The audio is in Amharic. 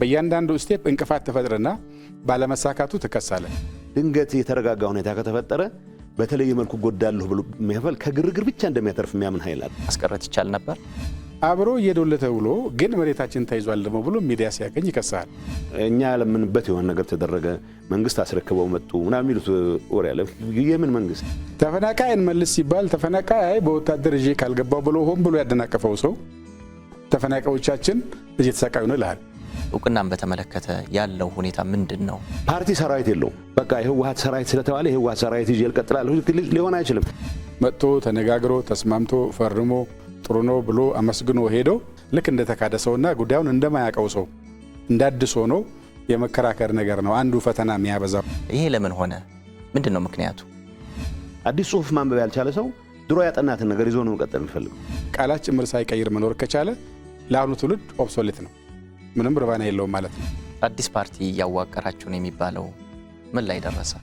በእያንዳንዱ ስቴፕ እንቅፋት ተፈጥረና ባለመሳካቱ ትከሳለ። ድንገት የተረጋጋ ሁኔታ ከተፈጠረ በተለየ መልኩ ጎዳለሁ ብሎ የሚያፈል ከግርግር ብቻ እንደሚያተርፍ የሚያምን ኃይል አለ። ማስቀረት ይቻል ነበር አብሮ እየዶለ ተብሎ ግን መሬታችን ተይዟል ደግሞ ብሎ ሚዲያ ሲያገኝ ይከሳል። እኛ ያለምንበት የሆነ ነገር ተደረገ፣ መንግስት አስረክበው መጡ ና የሚሉት ወሬ አለ። የምን መንግስት? ተፈናቃይ እንመልስ ሲባል ተፈናቃይ በወታደር እዤ ካልገባው ብሎ ሆን ብሎ ያደናቀፈው ሰው ተፈናቃዮቻችን እየተሰቃዩ ነው ይልሃል። እውቅናን በተመለከተ ያለው ሁኔታ ምንድን ነው? ፓርቲ ሰራዊት የለው በቃ የህወሀት ሰራዊት ስለተባለ የህወሀት ሰራዊት ይዤ እቀጥላለሁ ሊሆን አይችልም። መጥቶ ተነጋግሮ ተስማምቶ ፈርሞ ጥሩ ነው ብሎ አመስግኖ ሄዶ ልክ እንደተካደ ሰውና ጉዳዩን እንደማያውቀው ሰው እንዳድሶ ነው የመከራከር ነገር ነው አንዱ ፈተና የሚያበዛው። ይሄ ለምን ሆነ? ምንድን ነው ምክንያቱ? አዲስ ጽሁፍ ማንበብ ያልቻለ ሰው ድሮ ያጠናትን ነገር ይዞ ነው መቀጠል የሚፈልገው። ቃላት ጭምር ሳይቀይር መኖር ከቻለ ለአሁኑ ትውልድ ኦብሶሌት ነው። ምንም ርባና የለውም ማለት ነው። አዲስ ፓርቲ እያዋቀራችሁ ነው የሚባለው ምን ላይ ደረሰ?